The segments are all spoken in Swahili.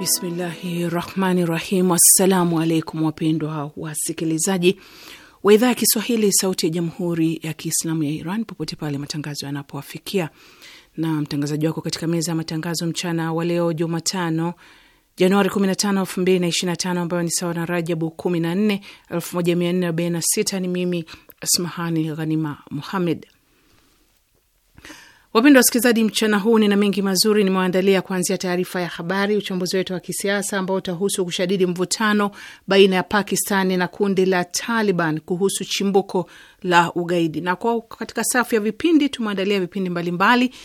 Bismillahi rahmani rahim. Assalamu alaikum wapendwa wasikilizaji wa idhaa ya Kiswahili sauti ya jamhuri ya Kiislamu ya Iran popote pale matangazo yanapowafikia, na mtangazaji wako katika meza ya matangazo mchana wa leo Jumatano Januari 15, 2025 ambayo ni sawa na Rajabu 14, 1446. Ni mimi Asmahani Ghanima Muhammed. Wapendwa wasikilizaji, mchana huu nina mengi mazuri nimewaandalia, kuanzia taarifa ya habari, uchambuzi wetu wa kisiasa ambao utahusu kushadidi mvutano baina ya Pakistani na kundi la Taliban kuhusu chimbuko la ugaidi, na kwa katika safu ya vipindi tumeandalia vipindi mbalimbali mbali.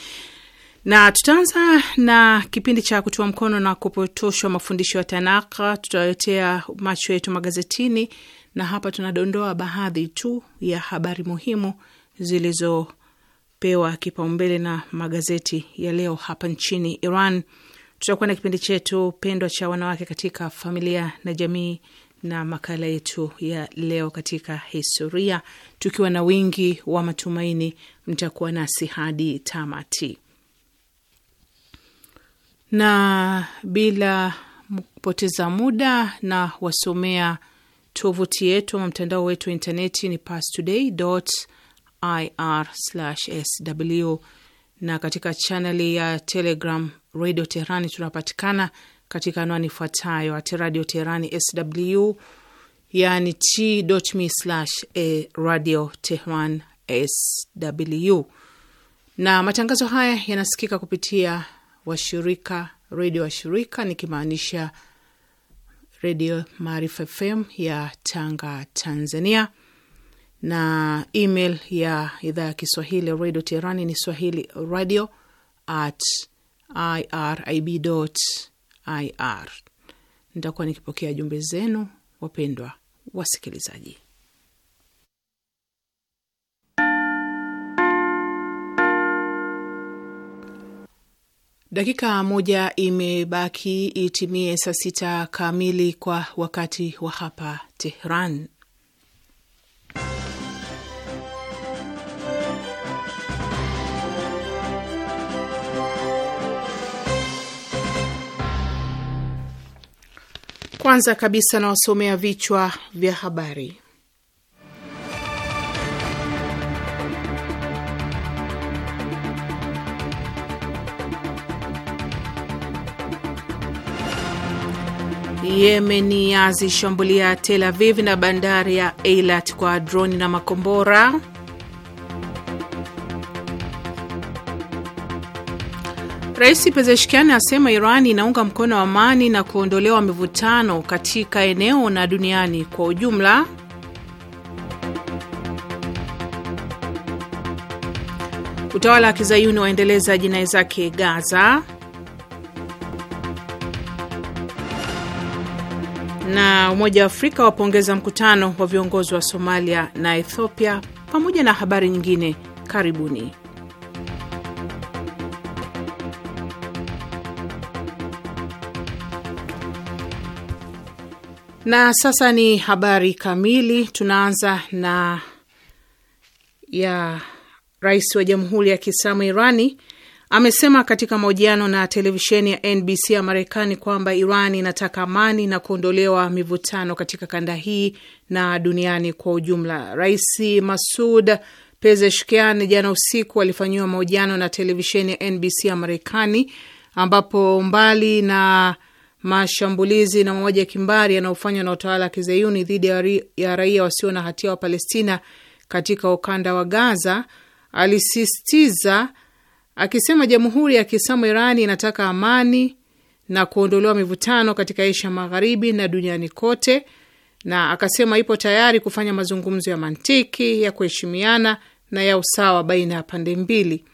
Na tutaanza na kipindi cha kutoa mkono na kupotoshwa mafundisho ya Tanaka, tutaletea macho yetu magazetini, na hapa tunadondoa baadhi tu ya habari muhimu zilizo pewa kipaumbele na magazeti ya leo hapa nchini Iran. Tutakuwa na kipindi chetu pendwa cha wanawake katika familia na jamii na makala yetu ya leo katika historia, tukiwa na wingi wa matumaini. Mtakuwa nasi hadi tamati, na bila kupoteza muda na wasomea tovuti yetu ama mtandao wetu wa intaneti ni pastoday ir/sw na katika chaneli ya Telegram Radio Teherani tunapatikana katika anwani ifuatayo at Radio Teherani sw, yani t.me slash eh, radio tehran sw. Na matangazo haya yanasikika kupitia washirika redio washirika, nikimaanisha Redio Maarifa FM ya Tanga, Tanzania, na email ya idhaa ya Kiswahili ya redio Teherani ni swahili radio at irib ir. Nitakuwa nikipokea jumbe zenu, wapendwa wasikilizaji. Dakika moja imebaki itimie saa sita kamili kwa wakati wa hapa Tehran. Kwanza kabisa nawasomea vichwa vya habari. Yemen yazishambulia Tel Aviv na bandari ya Eilat kwa droni na makombora. Rais Pezeshkian asema Iran inaunga mkono amani na kuondolewa mivutano katika eneo na duniani kwa ujumla. Utawala wa kizayuni waendeleza jinai zake Gaza, na Umoja wa Afrika wapongeza mkutano wa viongozi wa Somalia na Ethiopia, pamoja na habari nyingine. Karibuni. Na sasa ni habari kamili. Tunaanza na ya rais wa Jamhuri ya Kiislamu Irani amesema katika mahojiano na televisheni ya NBC ya Marekani kwamba Iran inataka amani na kuondolewa mivutano katika kanda hii na duniani kwa ujumla. Rais Masud Pezeshkian jana usiku alifanyiwa mahojiano na televisheni ya NBC ya Marekani ambapo mbali na mashambulizi na mauaji ya kimbari yanayofanywa na utawala wa kizayuni dhidi ya raia wasio na hatia wa Palestina katika ukanda wa Gaza, alisisitiza akisema jamhuri ya Kiislamu Irani inataka amani na kuondolewa mivutano katika Asia Magharibi na duniani kote, na akasema ipo tayari kufanya mazungumzo ya mantiki ya kuheshimiana na ya usawa baina ya pande mbili.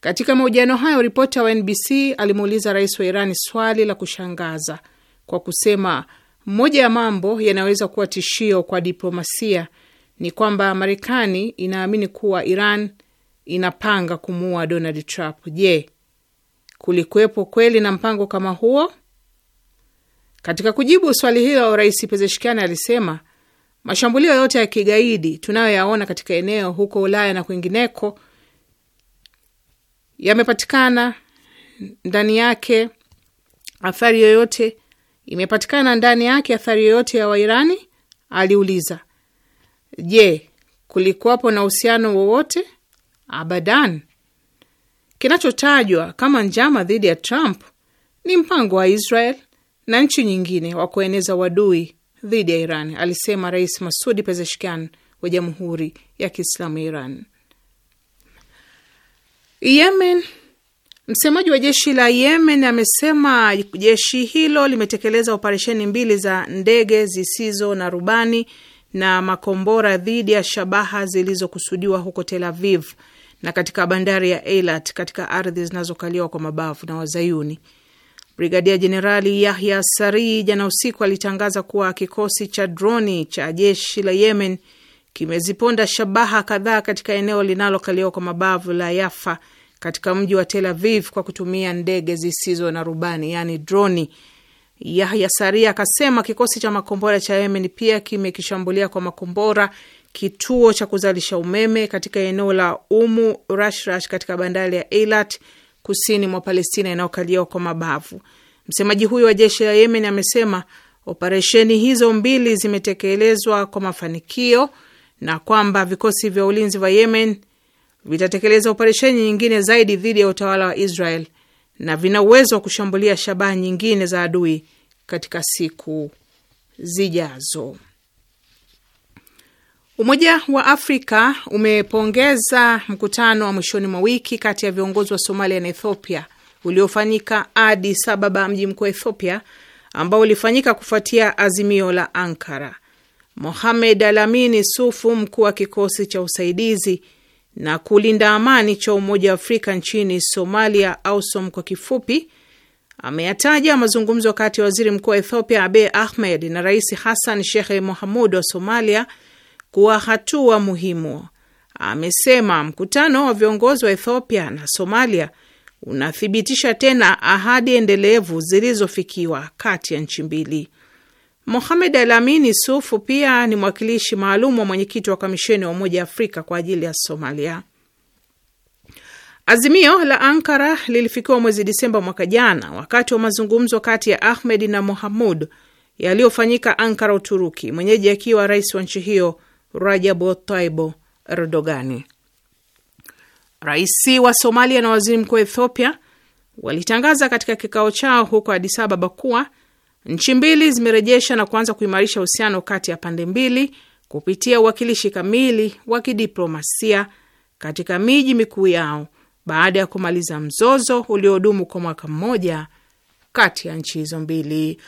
Katika mahojiano hayo, ripota wa NBC alimuuliza rais wa Irani swali la kushangaza kwa kusema, moja ya mambo yanaweza kuwa tishio kwa diplomasia ni kwamba Marekani inaamini kuwa Iran inapanga kumuua Donald Trump. Je, kulikuwepo kweli na mpango kama huo? Katika kujibu swali hilo, rais Pezeshkian alisema mashambulio yote ya kigaidi tunayoyaona katika eneo huko Ulaya na kwingineko yamepatikana ndani yake athari yoyote? Imepatikana ndani yake athari yoyote ya Wairani? Aliuliza. Je, kulikuwapo na uhusiano wowote? Abadan. Kinachotajwa kama njama dhidi ya Trump ni mpango wa Israel na nchi nyingine wa kueneza wadui dhidi ya Iran, alisema Rais Masudi Pezeshkian wa Jamhuri ya Kiislamu ya Iran. Yemen. Msemaji wa jeshi la Yemen amesema jeshi hilo limetekeleza operesheni mbili za ndege zisizo na rubani na makombora dhidi ya shabaha zilizokusudiwa huko Tel Aviv na katika bandari ya Eilat katika ardhi zinazokaliwa kwa mabavu na Wazayuni. Brigadia Jenerali Yahya Sari jana usiku alitangaza kuwa kikosi cha droni cha jeshi la Yemen kimeziponda shabaha kadhaa katika eneo linalokaliwa kwa mabavu la Yafa katika mji wa Tel Aviv kwa kutumia ndege zisizo na rubani, yaani droni. Yahya Saria akasema kikosi cha makombora cha Yemen pia kimekishambulia kwa makombora kituo cha kuzalisha umeme katika eneo la Umu Rashrash katika bandari ya Eilat kusini mwa Palestina inayokaliwa kwa mabavu. Msemaji huyo wa jeshi la Yemen amesema operesheni hizo mbili zimetekelezwa kwa mafanikio na kwamba vikosi vya ulinzi vya Yemen vitatekeleza operesheni nyingine zaidi dhidi ya utawala wa Israel na vina uwezo wa kushambulia shabaha nyingine za adui katika siku zijazo. Umoja wa Afrika umepongeza mkutano wa mwishoni mwa wiki kati ya viongozi wa Somalia na Ethiopia uliofanyika Addis Ababa, mji mkuu wa Ethiopia, ambao ulifanyika kufuatia azimio la Ankara. Mohamed Alamini Sufu, mkuu wa kikosi cha usaidizi na kulinda amani cha Umoja wa Afrika nchini Somalia, AUSOM kwa kifupi, ameyataja mazungumzo kati ya waziri mkuu wa Ethiopia abe Ahmed na rais Hassan shekhe Mohamud wa Somalia kuwa hatua muhimu. Amesema mkutano wa viongozi wa Ethiopia na Somalia unathibitisha tena ahadi endelevu zilizofikiwa kati ya nchi mbili. Mohamed Alamini Sufu pia ni mwakilishi maalum wa mwenyekiti wa kamisheni wa Umoja Afrika kwa ajili ya Somalia. Azimio la Ankara lilifikiwa mwezi Disemba mwaka jana wakati wa mazungumzo kati ya Ahmed na Mohamud yaliyofanyika Ankara, Uturuki, mwenyeji akiwa rais wa nchi hiyo Rajab Taibo Erdogani. Rais wa Somalia na waziri mkuu wa Ethiopia walitangaza katika kikao chao huko Adis Ababa kuwa Nchi mbili zimerejesha na kuanza kuimarisha uhusiano kati ya pande mbili kupitia uwakilishi kamili wa kidiplomasia katika miji mikuu yao baada ya kumaliza mzozo uliodumu kwa mwaka mmoja kati ya nchi hizo mbili.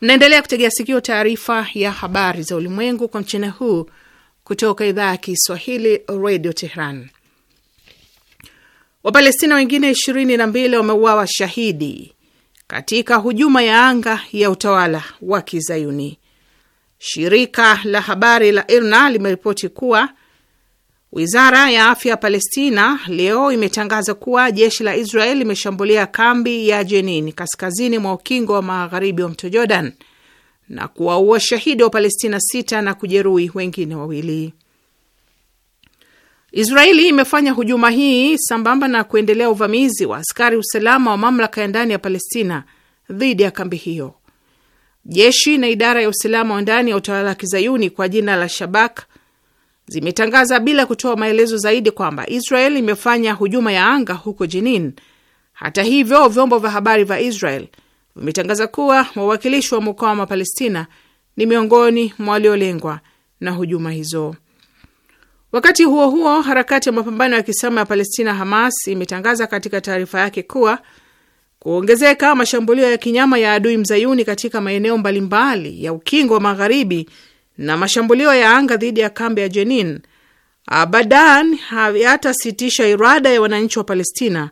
Mnaendelea kutegea sikio taarifa ya habari za ulimwengu kwa mchana huu kutoka idhaa ya Kiswahili, Radio Tehran. Wapalestina wengine ishirini na mbili wameuawa shahidi katika hujuma ya anga ya utawala wa Kizayuni. Shirika la habari la IRNA limeripoti kuwa wizara ya afya ya Palestina leo imetangaza kuwa jeshi la Israel limeshambulia kambi ya Jenin kaskazini mwa ukingo wa magharibi wa mto Jordan na kuwaua shahidi wa Palestina sita na kujeruhi wengine wawili. Israeli imefanya hujuma hii sambamba na kuendelea uvamizi wa askari usalama wa mamlaka ya ndani ya Palestina dhidi ya kambi hiyo. Jeshi na idara ya usalama wa ndani ya utawala wa kizayuni kwa jina la Shabak zimetangaza bila kutoa maelezo zaidi kwamba Israel imefanya hujuma ya anga huko Jenin. Hata hivyo, vyombo vya habari vya Israel vimetangaza kuwa wawakilishi wa wa Palestina ni miongoni mwa waliolengwa na hujuma hizo. Wakati huo huo, harakati ya mapambano ya kisama ya Palestina, Hamas, imetangaza katika taarifa yake kuwa kuongezeka mashambulio ya kinyama ya adui mzayuni katika maeneo mbalimbali ya ukingo wa magharibi na mashambulio ya anga dhidi ya kambi ya Jenin abadan hayatasitisha irada ya wananchi wa Palestina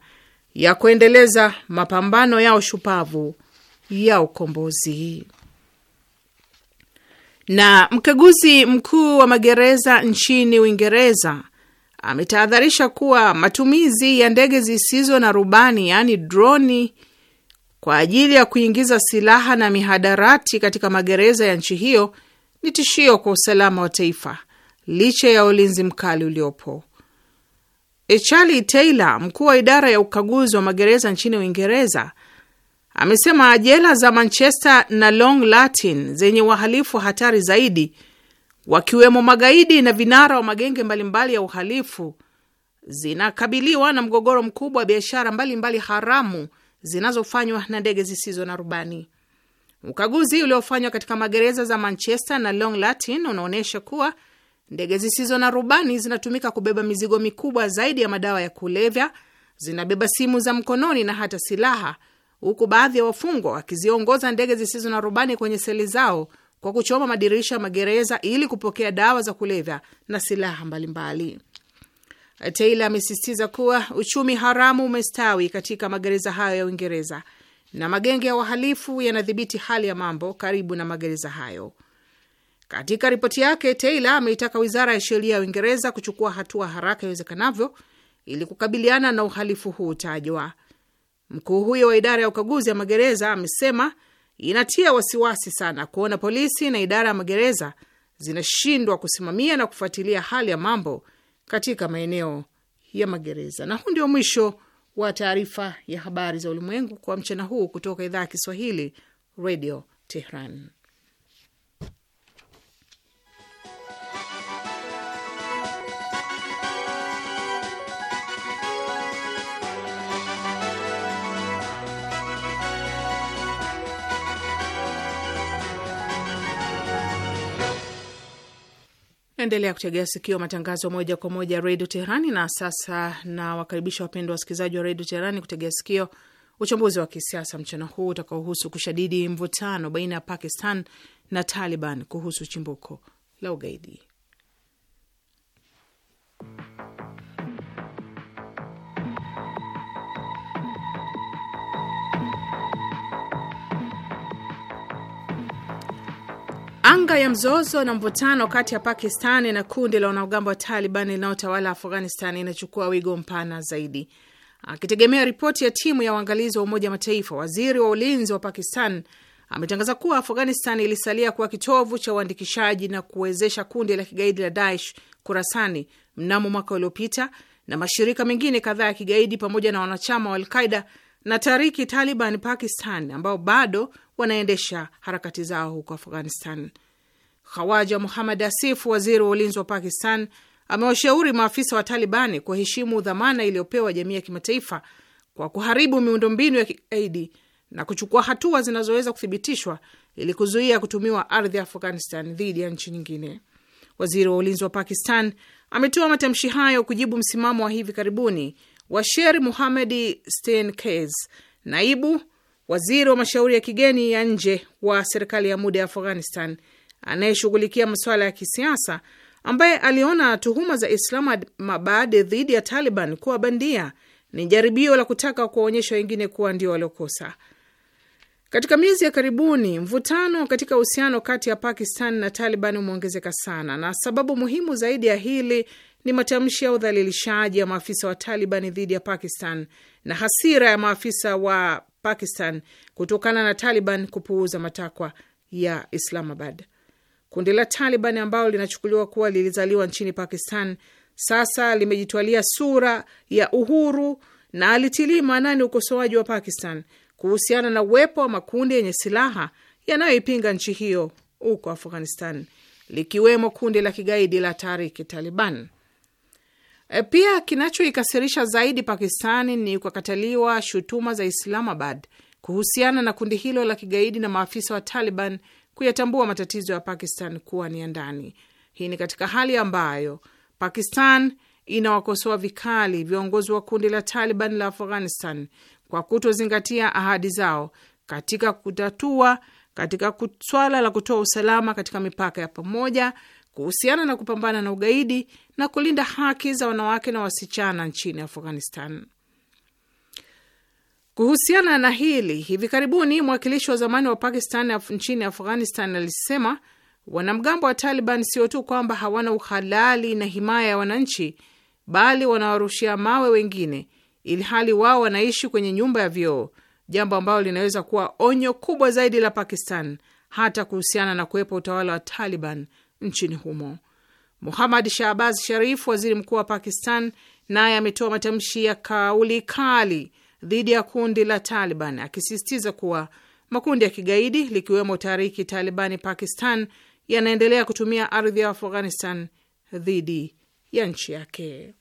ya kuendeleza mapambano yao shupavu ya ukombozi. Na mkaguzi mkuu wa magereza nchini Uingereza ametahadharisha kuwa matumizi ya ndege zisizo na rubani yaani droni kwa ajili ya kuingiza silaha na mihadarati katika magereza ya nchi hiyo ni tishio kwa usalama wa taifa licha ya ulinzi mkali uliopo. E, Charlie Taylor, mkuu wa idara ya ukaguzi wa magereza nchini Uingereza, amesema jela za Manchester na Long Latin zenye wahalifu hatari zaidi wakiwemo magaidi na vinara wa magenge mbalimbali ya uhalifu zinakabiliwa na mgogoro mkubwa wa biashara mbalimbali haramu zinazofanywa na ndege zisizo na rubani. Ukaguzi uliofanywa katika magereza za Manchester na Long Latin unaonyesha kuwa ndege zisizo na rubani zinatumika kubeba mizigo mikubwa zaidi ya madawa ya kulevya, zinabeba simu za mkononi na hata silaha huku baadhi ya wafungwa wakiziongoza ndege zisizo na rubani kwenye seli zao kwa kuchoma madirisha ya magereza ili kupokea dawa za kulevya na silaha mbalimbali. Taylor amesisitiza kuwa uchumi haramu umestawi katika magereza hayo ya Uingereza na magenge ya wahalifu yanadhibiti hali ya mambo karibu na magereza hayo. Katika ripoti yake, Taylor ameitaka wizara ya sheria ya Uingereza kuchukua hatua haraka iwezekanavyo ili kukabiliana na uhalifu huu utajwa. Mkuu huyo wa idara ya ukaguzi ya magereza amesema inatia wasiwasi sana kuona polisi na idara ya magereza zinashindwa kusimamia na kufuatilia hali ya mambo katika maeneo ya magereza. Na huu ndio mwisho wa taarifa ya habari za ulimwengu kwa mchana huu kutoka idhaa ya Kiswahili, Radio Tehran. Endelea kutegea sikio matangazo moja kwa moja redio Teherani. Na sasa na wakaribisha wapendwa wasikilizaji wa redio Teherani kutegea sikio uchambuzi wa kisiasa mchana huu utakaohusu kushadidi mvutano baina ya Pakistan na Taliban kuhusu chimbuko la ugaidi. janga ya mzozo na mvutano kati ya Pakistani na kundi la wanamgambo wa Taliban linayotawala Afghanistan inachukua wigo mpana zaidi. Akitegemea ripoti ya timu ya uangalizi wa Umoja Mataifa, waziri wa ulinzi wa Pakistan ametangaza kuwa Afghanistan ilisalia kuwa kitovu cha uandikishaji na kuwezesha kundi la kigaidi la Daesh Kurasani mnamo mwaka uliopita, na mashirika mengine kadhaa ya kigaidi pamoja na wanachama wa Alqaida na Tariki Taliban Pakistan ambao bado wanaendesha harakati zao huko Afghanistan. Khawaja Muhamad Asif, waziri wa ulinzi wa Pakistan, amewashauri maafisa wa Talibani kuheshimu dhamana iliyopewa jamii ya kimataifa kwa kuharibu miundombinu ya kigaidi na kuchukua hatua zinazoweza kuthibitishwa ili kuzuia kutumiwa ardhi ya Afghanistan dhidi ya nchi nyingine. Waziri wa ulinzi wa Pakistan ametoa matamshi hayo kujibu msimamo wa hivi karibuni wa Sher Muhamedi Stenkes, naibu waziri wa mashauri ya kigeni ya nje wa serikali ya muda ya Afghanistan anayeshughulikia masuala ya kisiasa ambaye aliona tuhuma za Islamabad dhidi ya Taliban kuwa bandia ni jaribio la kutaka kuwaonyesha wengine kuwa ndio waliokosa. Katika miezi ya karibuni, mvutano katika uhusiano kati ya Pakistan na Taliban umeongezeka sana, na sababu muhimu zaidi ya hili ni matamshi ya udhalilishaji ya maafisa wa Taliban dhidi ya Pakistan na hasira ya maafisa wa Pakistan kutokana na Taliban kupuuza matakwa ya Islamabad. Kundi la Taliban ambalo linachukuliwa kuwa lilizaliwa nchini Pakistan sasa limejitwalia sura ya uhuru na alitilii maanani ukosoaji wa Pakistan kuhusiana na uwepo wa makundi yenye silaha yanayoipinga nchi hiyo huko Afghanistan, likiwemo kundi la kigaidi la Tariki Taliban. E, pia kinachoikasirisha zaidi Pakistani ni kukataliwa shutuma za Islamabad kuhusiana na kundi hilo la kigaidi na maafisa wa Taliban kuyatambua matatizo ya Pakistan kuwa ni ya ndani. Hii ni katika hali ambayo Pakistan inawakosoa vikali viongozi wa kundi la Taliban la Afghanistan kwa kutozingatia ahadi zao katika kutatua katika swala la kutoa usalama katika mipaka ya pamoja kuhusiana na kupambana na ugaidi na kulinda haki za wanawake na wasichana nchini Afghanistan. Kuhusiana na hili, hivi karibuni mwakilishi wa zamani wa Pakistan af nchini Afghanistan alisema wanamgambo wa Taliban sio tu kwamba hawana uhalali na himaya ya wananchi, bali wanawarushia mawe wengine, ili hali wao wanaishi kwenye nyumba ya vioo, jambo ambalo linaweza kuwa onyo kubwa zaidi la Pakistan hata kuhusiana na kuwepo utawala wa Taliban nchini humo. Muhamad Shahbaz Sharif, waziri mkuu wa Pakistan, naye ametoa matamshi ya kauli kali dhidi ya kundi la Taliban, akisisitiza kuwa makundi ya kigaidi likiwemo Tariki Talibani Pakistan yanaendelea kutumia ardhi ya Afghanistan dhidi ya nchi yake.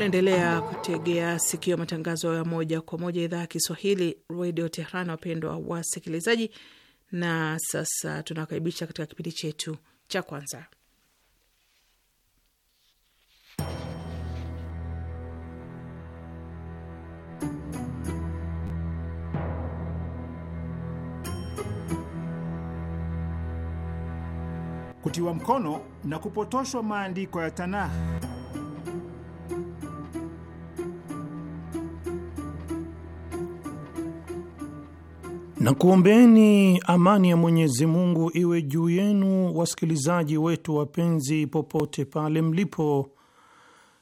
Naendelea kutegea sikio matangazo ya moja kwa moja idhaa ya Kiswahili redio Tehran, wapendwa wasikilizaji. Na sasa tunawakaribisha katika kipindi chetu cha kwanza kutiwa mkono na kupotoshwa maandiko ya Tanakh. na kuombeni amani ya Mwenyezi Mungu iwe juu yenu, wasikilizaji wetu wapenzi, popote pale mlipo,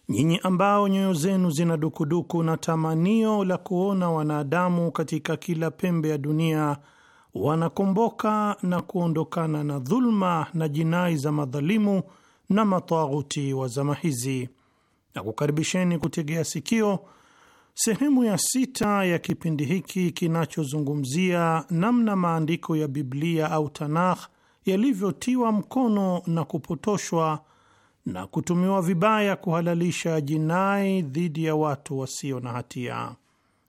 nyinyi ambao nyoyo zenu zina dukuduku na tamanio la kuona wanadamu katika kila pembe ya dunia wanakomboka na kuondokana na dhulma na jinai za madhalimu na matawuti wa zama hizi, na kukaribisheni kutegea sikio Sehemu ya sita ya kipindi hiki kinachozungumzia namna maandiko ya Biblia au Tanakh yalivyotiwa mkono na kupotoshwa na kutumiwa vibaya kuhalalisha jinai dhidi ya watu wasio na hatia.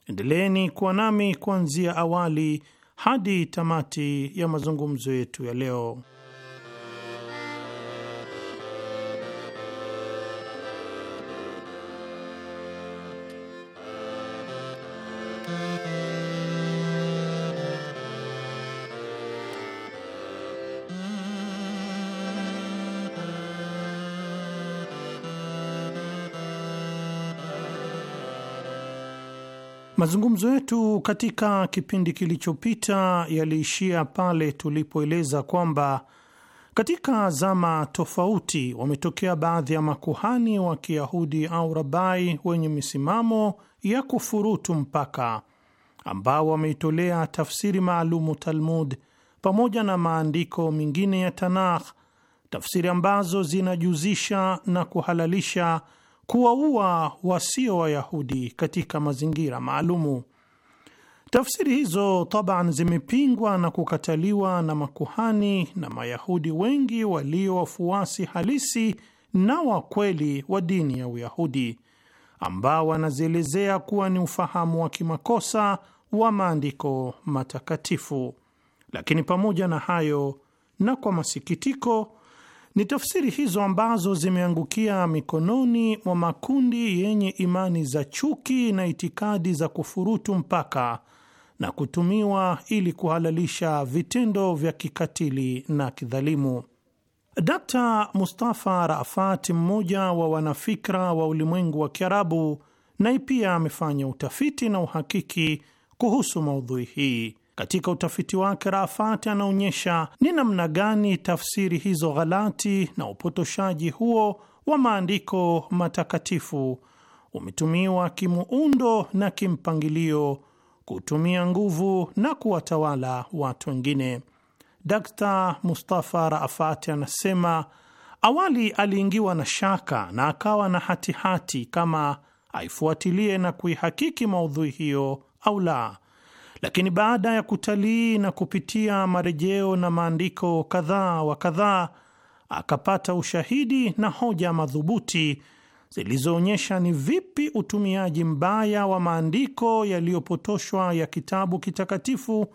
Endeleeni kuwa nami kuanzia awali hadi tamati ya mazungumzo yetu ya leo. Mazungumzo yetu katika kipindi kilichopita yaliishia pale tulipoeleza kwamba katika zama tofauti wametokea baadhi ya makuhani wa Kiyahudi au rabai wenye misimamo ya kufurutu mpaka ambao wameitolea tafsiri maalumu Talmud pamoja na maandiko mengine ya Tanakh, tafsiri ambazo zinajuzisha na kuhalalisha kuwaua wasio Wayahudi katika mazingira maalumu. Tafsiri hizo taban zimepingwa na kukataliwa na makuhani na Mayahudi wengi walio wafuasi halisi na wakweli wa dini ya Uyahudi ambao wanazielezea kuwa ni ufahamu wa kimakosa wa maandiko matakatifu. Lakini pamoja na hayo, na kwa masikitiko ni tafsiri hizo ambazo zimeangukia mikononi mwa makundi yenye imani za chuki na itikadi za kufurutu mpaka na kutumiwa ili kuhalalisha vitendo vya kikatili na kidhalimu. Dkt. Mustafa Rafat, mmoja wa wanafikra wa ulimwengu wa Kiarabu, naye pia amefanya utafiti na uhakiki kuhusu maudhui hii katika utafiti wake Raafati anaonyesha ni namna gani tafsiri hizo ghalati na upotoshaji huo wa maandiko matakatifu umetumiwa kimuundo na kimpangilio kutumia nguvu na kuwatawala watu wengine. d Mustafa Raafati anasema awali aliingiwa na shaka na akawa na hatihati hati kama aifuatilie na kuihakiki maudhui hiyo au la lakini baada ya kutalii na kupitia marejeo na maandiko kadhaa wa kadhaa, akapata ushahidi na hoja madhubuti zilizoonyesha ni vipi utumiaji mbaya wa maandiko yaliyopotoshwa ya kitabu kitakatifu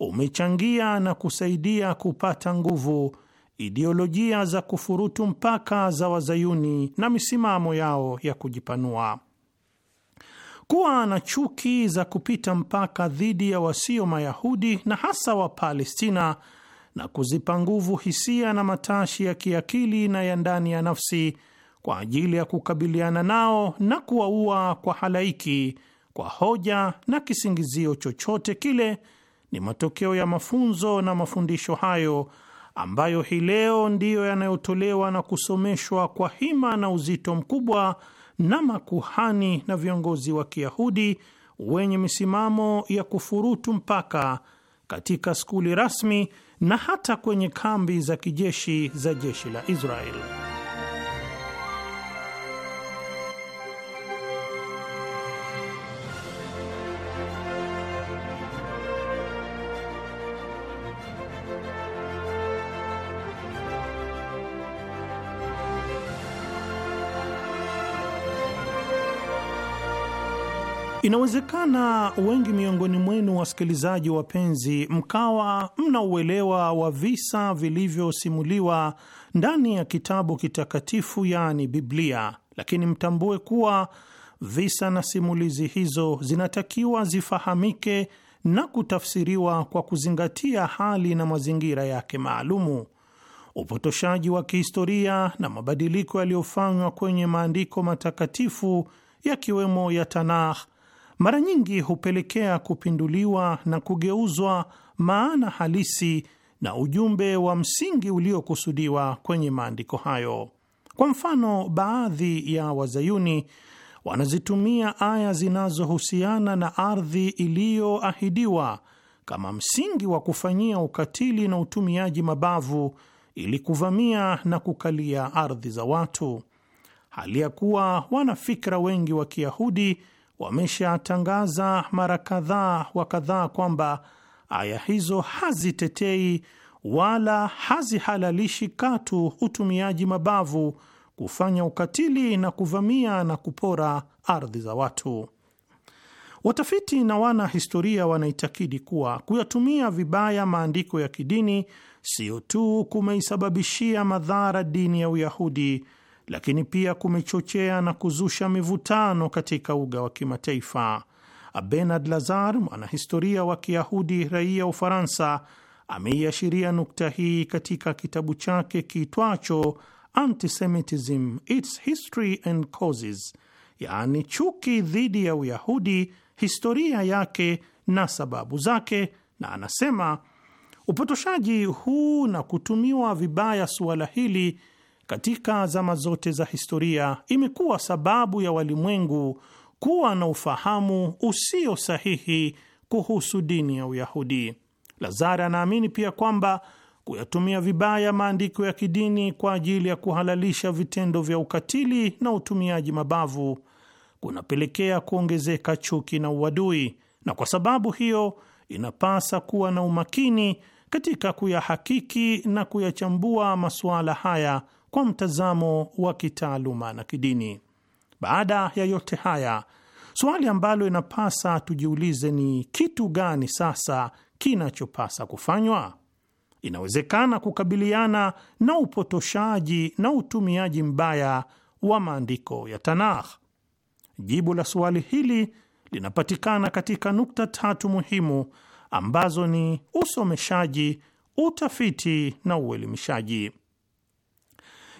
umechangia na kusaidia kupata nguvu ideolojia za kufurutu mpaka za wazayuni na misimamo yao ya kujipanua kuwa na chuki za kupita mpaka dhidi ya wasio Mayahudi na hasa Wapalestina na kuzipa nguvu hisia na matashi ya kiakili na ya ndani ya nafsi kwa ajili ya kukabiliana nao na kuwaua kwa halaiki kwa hoja na kisingizio chochote kile, ni matokeo ya mafunzo na mafundisho hayo ambayo hii leo ndiyo yanayotolewa na kusomeshwa kwa hima na uzito mkubwa na makuhani na viongozi wa Kiyahudi wenye misimamo ya kufurutu mpaka katika skuli rasmi na hata kwenye kambi za kijeshi za jeshi la Israeli. Inawezekana wengi miongoni mwenu wasikilizaji wapenzi, mkawa mna uelewa wa visa vilivyosimuliwa ndani ya kitabu kitakatifu, yaani Biblia, lakini mtambue kuwa visa na simulizi hizo zinatakiwa zifahamike na kutafsiriwa kwa kuzingatia hali na mazingira yake maalumu. Upotoshaji wa kihistoria na mabadiliko yaliyofanywa kwenye maandiko matakatifu yakiwemo ya Tanakh mara nyingi hupelekea kupinduliwa na kugeuzwa maana halisi na ujumbe wa msingi uliokusudiwa kwenye maandiko hayo. Kwa mfano, baadhi ya wazayuni wanazitumia aya zinazohusiana na ardhi iliyoahidiwa kama msingi wa kufanyia ukatili na utumiaji mabavu ili kuvamia na kukalia ardhi za watu, hali ya kuwa wanafikra wengi wa Kiyahudi wameshatangaza mara kadhaa wa kadhaa kwamba aya hizo hazitetei wala hazihalalishi katu utumiaji mabavu, kufanya ukatili na kuvamia na kupora ardhi za watu. Watafiti na wana historia wanaitakidi kuwa kuyatumia vibaya maandiko ya kidini sio tu kumeisababishia madhara dini ya Uyahudi lakini pia kumechochea na kuzusha mivutano katika uga wa kimataifa. Bernard Lazar, mwanahistoria wa Kiyahudi raia Ufaransa, ameiashiria nukta hii katika kitabu chake kiitwacho Antisemitism, Its History and Causes, yaani chuki dhidi ya Uyahudi, historia yake na sababu zake, na anasema upotoshaji huu na kutumiwa vibaya suala hili katika zama zote za historia imekuwa sababu ya walimwengu kuwa na ufahamu usio sahihi kuhusu dini ya Uyahudi. Lazara anaamini pia kwamba kuyatumia vibaya maandiko ya kidini kwa ajili ya kuhalalisha vitendo vya ukatili na utumiaji mabavu kunapelekea kuongezeka chuki na uadui, na kwa sababu hiyo inapasa kuwa na umakini katika kuyahakiki na kuyachambua masuala haya kwa mtazamo wa kitaaluma na kidini. Baada ya yote haya, suali ambalo inapasa tujiulize ni kitu gani sasa kinachopasa kufanywa? Inawezekana kukabiliana na upotoshaji na utumiaji mbaya wa maandiko ya Tanakh. Jibu la suali hili linapatikana katika nukta tatu muhimu ambazo ni usomeshaji, utafiti na uelimishaji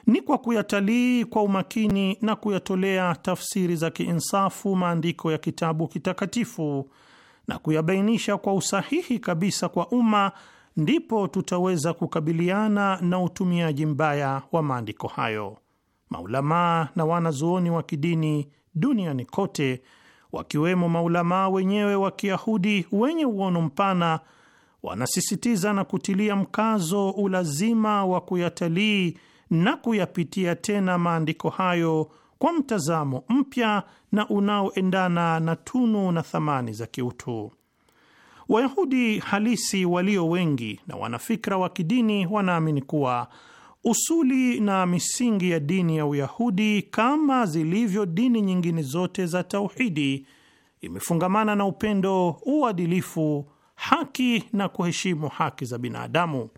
ni kwa kuyatalii kwa umakini na kuyatolea tafsiri za kiinsafu maandiko ya kitabu kitakatifu na kuyabainisha kwa usahihi kabisa kwa umma, ndipo tutaweza kukabiliana na utumiaji mbaya wa maandiko hayo. Maulamaa na wanazuoni wa kidini duniani kote, wakiwemo maulamaa wenyewe wa Kiyahudi wenye uono mpana, wanasisitiza na kutilia mkazo ulazima wa kuyatalii na kuyapitia tena maandiko hayo kwa mtazamo mpya na unaoendana na tunu na thamani za kiutu. Wayahudi halisi walio wengi na wanafikra wa kidini wanaamini kuwa usuli na misingi ya dini ya Uyahudi kama zilivyo dini nyingine zote za tauhidi imefungamana na upendo, uadilifu, haki na kuheshimu haki za binadamu.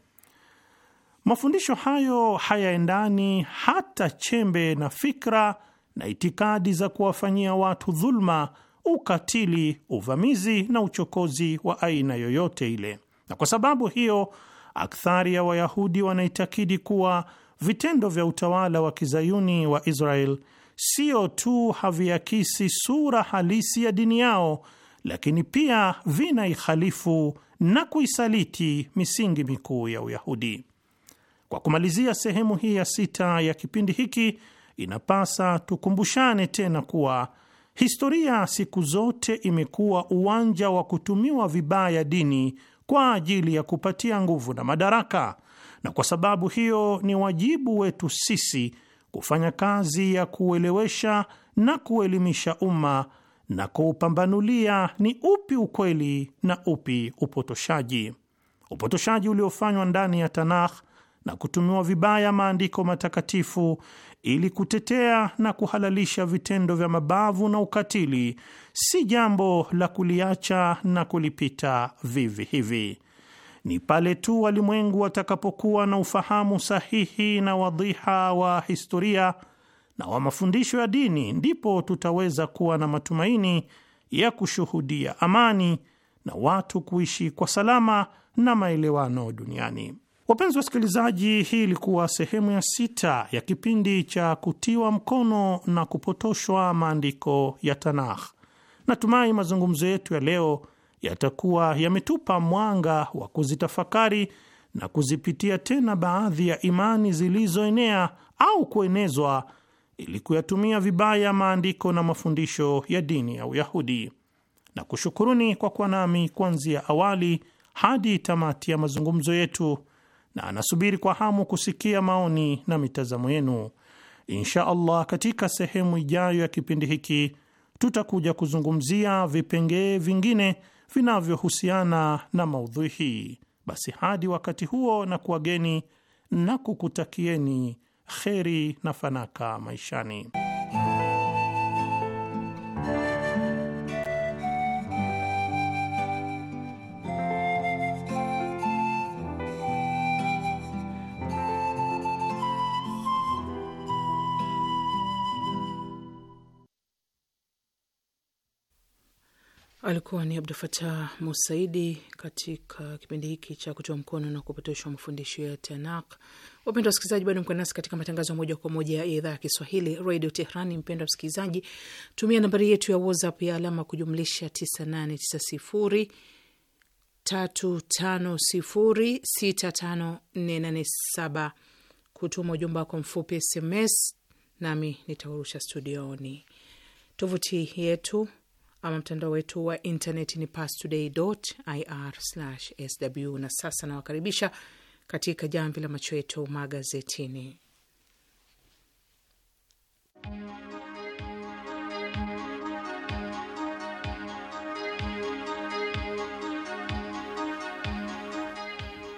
Mafundisho hayo hayaendani hata chembe na fikra na itikadi za kuwafanyia watu dhuluma, ukatili, uvamizi na uchokozi wa aina yoyote ile, na kwa sababu hiyo akthari ya Wayahudi wanaitakidi kuwa vitendo vya utawala wa kizayuni wa Israel sio tu haviakisi sura halisi ya dini yao, lakini pia vinaikhalifu na kuisaliti misingi mikuu ya Uyahudi. Kwa kumalizia sehemu hii ya sita ya kipindi hiki, inapasa tukumbushane tena kuwa historia siku zote imekuwa uwanja wa kutumiwa vibaya dini kwa ajili ya kupatia nguvu na madaraka, na kwa sababu hiyo ni wajibu wetu sisi kufanya kazi ya kuelewesha na kuelimisha umma na kuupambanulia ni upi ukweli na upi upotoshaji. Upotoshaji uliofanywa ndani ya Tanakh na kutumiwa vibaya maandiko matakatifu ili kutetea na kuhalalisha vitendo vya mabavu na ukatili si jambo la kuliacha na kulipita vivi hivi. Ni pale tu walimwengu watakapokuwa na ufahamu sahihi na wadhiha wa historia na wa mafundisho ya dini, ndipo tutaweza kuwa na matumaini ya kushuhudia amani na watu kuishi kwa salama na maelewano duniani. Wapenzi wasikilizaji, hii ilikuwa sehemu ya sita ya kipindi cha kutiwa mkono na kupotoshwa maandiko ya Tanakh. Natumai mazungumzo yetu ya leo yatakuwa yametupa mwanga wa kuzitafakari na kuzipitia tena baadhi ya imani zilizoenea au kuenezwa ili kuyatumia vibaya maandiko na mafundisho ya dini ya Uyahudi. Na kushukuruni kwa kuwa nami kuanzia awali hadi tamati ya mazungumzo yetu na anasubiri kwa hamu kusikia maoni na mitazamo yenu. Insha Allah, katika sehemu ijayo ya kipindi hiki tutakuja kuzungumzia vipengee vingine vinavyohusiana na maudhui hii. Basi hadi wakati huo, na kuwageni na kukutakieni kheri na fanaka maishani. Alikuwa ni Abdu Fatah Musaidi katika kipindi hiki cha kutoa mkono na kupotoshwa mafundisho ya Tanak. Wapendwa wasikilizaji, bado mko nasi katika matangazo moja kwa moja ya idhaa ya Kiswahili redio Tehrani. Mpendwa msikilizaji, tumia nambari yetu ya WhatsApp ya alama kujumlisha 9890 kutuma ujumbe wako mfupi SMS, nami nitaurusha studioni. Tovuti yetu ama mtandao wetu wa intaneti ni pastoday.ir/sw. Na sasa nawakaribisha katika jamvi la macho yetu magazetini.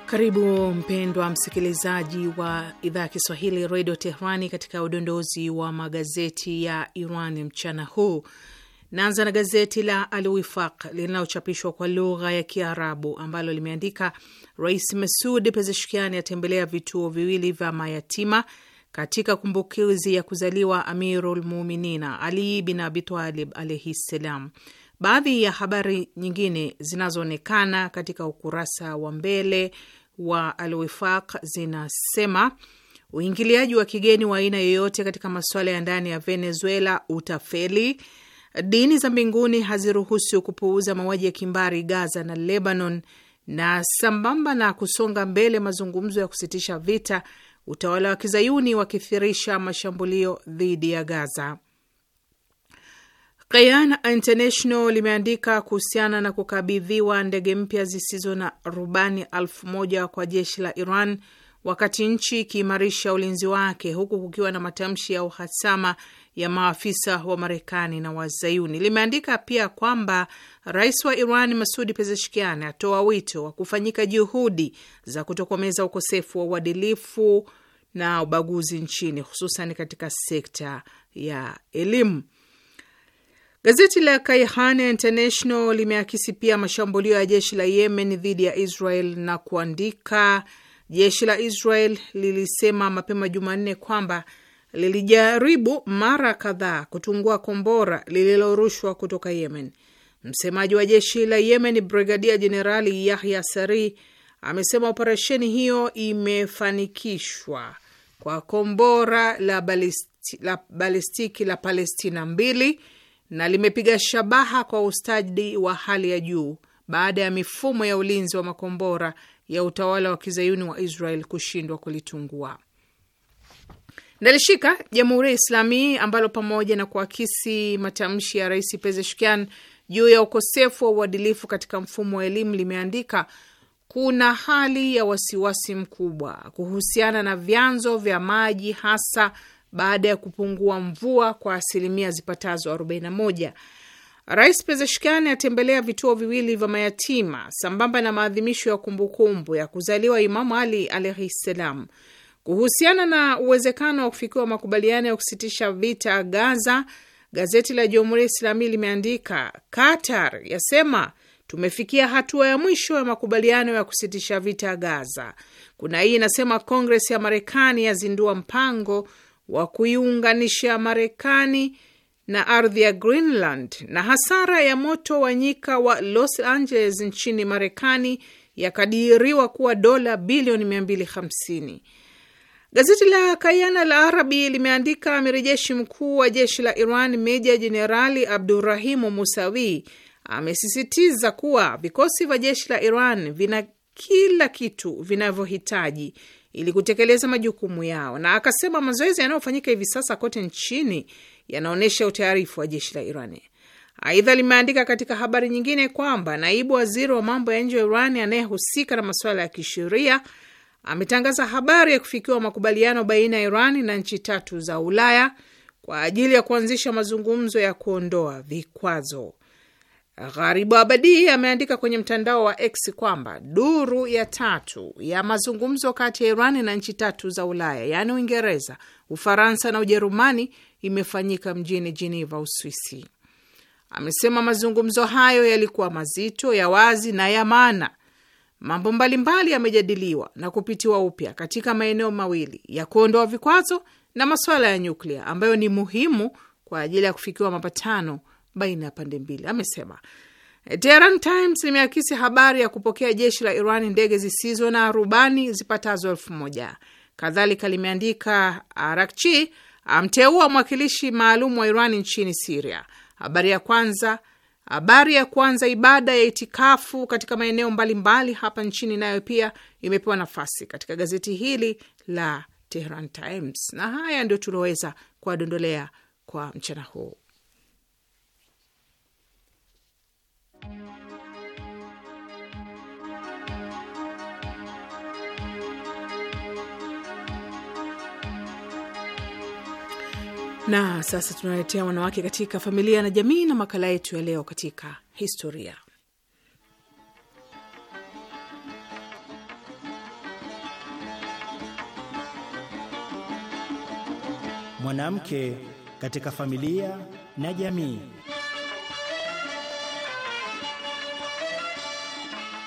Karibu mpendwa msikilizaji wa idhaa ya Kiswahili redio Tehrani katika udondozi wa magazeti ya Iran mchana huu. Naanza na gazeti la Al Wifaq linalochapishwa kwa lugha ya Kiarabu ambalo limeandika Rais Masud pezeshkiani atembelea vituo viwili vya mayatima katika kumbukizi ya kuzaliwa Amirul Muminina Ali bin Abitalib alaihi ssalam. Baadhi ya habari nyingine zinazoonekana katika ukurasa wa mbele wa Al Wifaq zinasema uingiliaji wa kigeni wa aina yoyote katika masuala ya ndani ya Venezuela utafeli. Dini za mbinguni haziruhusu kupuuza mauaji ya kimbari Gaza na Lebanon, na sambamba na kusonga mbele mazungumzo ya kusitisha vita, utawala wa kizayuni wakithirisha mashambulio dhidi ya Gaza. Kayan International limeandika kuhusiana na kukabidhiwa ndege mpya zisizo na rubani elfu moja kwa jeshi la Iran wakati nchi ikiimarisha ulinzi wake huku kukiwa na matamshi ya uhasama ya maafisa wa Marekani na Wazayuni. Limeandika pia kwamba rais wa Iran Masudi Pezeshkian atoa wito wa kufanyika juhudi za kutokomeza ukosefu wa uadilifu na ubaguzi nchini, hususan katika sekta ya elimu. Gazeti la Kaihan International limeakisi pia mashambulio ya jeshi la Yemen dhidi ya Israel na kuandika, jeshi la Israel lilisema mapema Jumanne kwamba lilijaribu mara kadhaa kutungua kombora lililorushwa kutoka Yemen. Msemaji wa jeshi la Yemen, Brigadia Jenerali Yahya Sari, amesema operesheni hiyo imefanikishwa kwa kombora la balistiki la, balistiki la Palestina mbili na limepiga shabaha kwa ustadi wa hali ya juu baada ya mifumo ya ulinzi wa makombora ya utawala wa kizayuni wa Israel kushindwa kulitungua. Nalishika Jamhuri ya Islami ambalo pamoja na kuakisi matamshi ya Rais Pezeshkian juu ya ukosefu wa uadilifu katika mfumo wa elimu limeandika kuna hali ya wasiwasi mkubwa kuhusiana na vyanzo vya maji hasa baada ya kupungua mvua kwa asilimia zipatazo 41. Rais Pezeshkian atembelea vituo viwili vya mayatima sambamba na maadhimisho ya kumbukumbu ya kuzaliwa Imamu Ali alaihi ssalam. Kuhusiana na uwezekano wa kufikiwa makubaliano ya kusitisha vita Gaza, gazeti la Jamhuri ya Islami limeandika Qatar yasema tumefikia hatua ya mwisho ya makubaliano ya kusitisha vita Gaza. Kuna hii inasema Kongres ya Marekani yazindua mpango wa kuiunganisha Marekani na ardhi ya Greenland, na hasara ya moto wa nyika wa Los Angeles nchini Marekani yakadiriwa kuwa dola bilioni 250. Gazeti la Kayana la Arabi limeandika mrejeshi mkuu wa jeshi la Iran meja jenerali Abdurahimu Musawi amesisitiza kuwa vikosi vya jeshi la Iran vina kila kitu vinavyohitaji ili kutekeleza majukumu yao, na akasema mazoezi yanayofanyika hivi sasa kote nchini yanaonyesha utayarifu wa jeshi la Iran. Aidha, limeandika katika habari nyingine kwamba naibu waziri wa mambo ya nje wa Iran anayehusika na masuala ya kisheria ametangaza habari ya kufikiwa makubaliano baina ya Iran na nchi tatu za Ulaya kwa ajili ya kuanzisha mazungumzo ya kuondoa vikwazo. Gharibu Abadi ameandika kwenye mtandao wa X kwamba duru ya tatu ya mazungumzo kati ya Iran na nchi tatu za Ulaya, yaani Uingereza, Ufaransa na Ujerumani, imefanyika mjini Geneva, Uswisi. Amesema mazungumzo hayo yalikuwa mazito, ya wazi na ya maana Mambo mbalimbali yamejadiliwa na kupitiwa upya katika maeneo mawili ya kuondoa vikwazo na masuala ya nyuklia ambayo ni muhimu kwa ajili ya kufikiwa mapatano baina ya pande mbili, amesema. Tehran Times imeakisi habari ya kupokea jeshi la Iran ndege zisizo na rubani zipatazo elfu moja. Kadhalika limeandika Arakchi amteua mwakilishi maalum wa Iran nchini Siria. Habari ya kwanza Habari ya kwanza, ibada ya itikafu katika maeneo mbalimbali hapa nchini, nayo pia imepewa nafasi katika gazeti hili la Tehran Times, na haya ndio tulioweza kuwadondolea kwa mchana huu. Na sasa tunaletea wanawake katika familia na jamii na makala yetu ya leo katika historia. Mwanamke katika familia na jamii.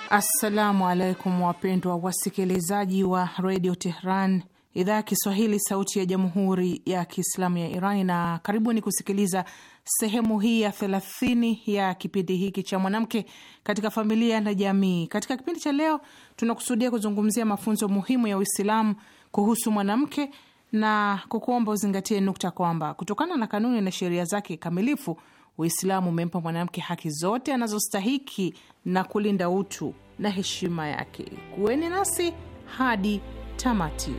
Assalamu alaikum, wapendwa wasikilizaji wa redio Tehran idhaa ya Kiswahili, sauti ya jamhuri ya kiislamu ya Iran, na karibuni kusikiliza sehemu hii ya thelathini ya kipindi hiki cha mwanamke katika familia na jamii. Katika kipindi cha leo, tunakusudia kuzungumzia mafunzo muhimu ya Uislamu kuhusu mwanamke na kukuomba uzingatie nukta kwamba kutokana na kanuni na sheria zake kamilifu, Uislamu umempa mwanamke haki zote anazostahiki na kulinda utu na heshima yake. Kuweni nasi hadi tamati.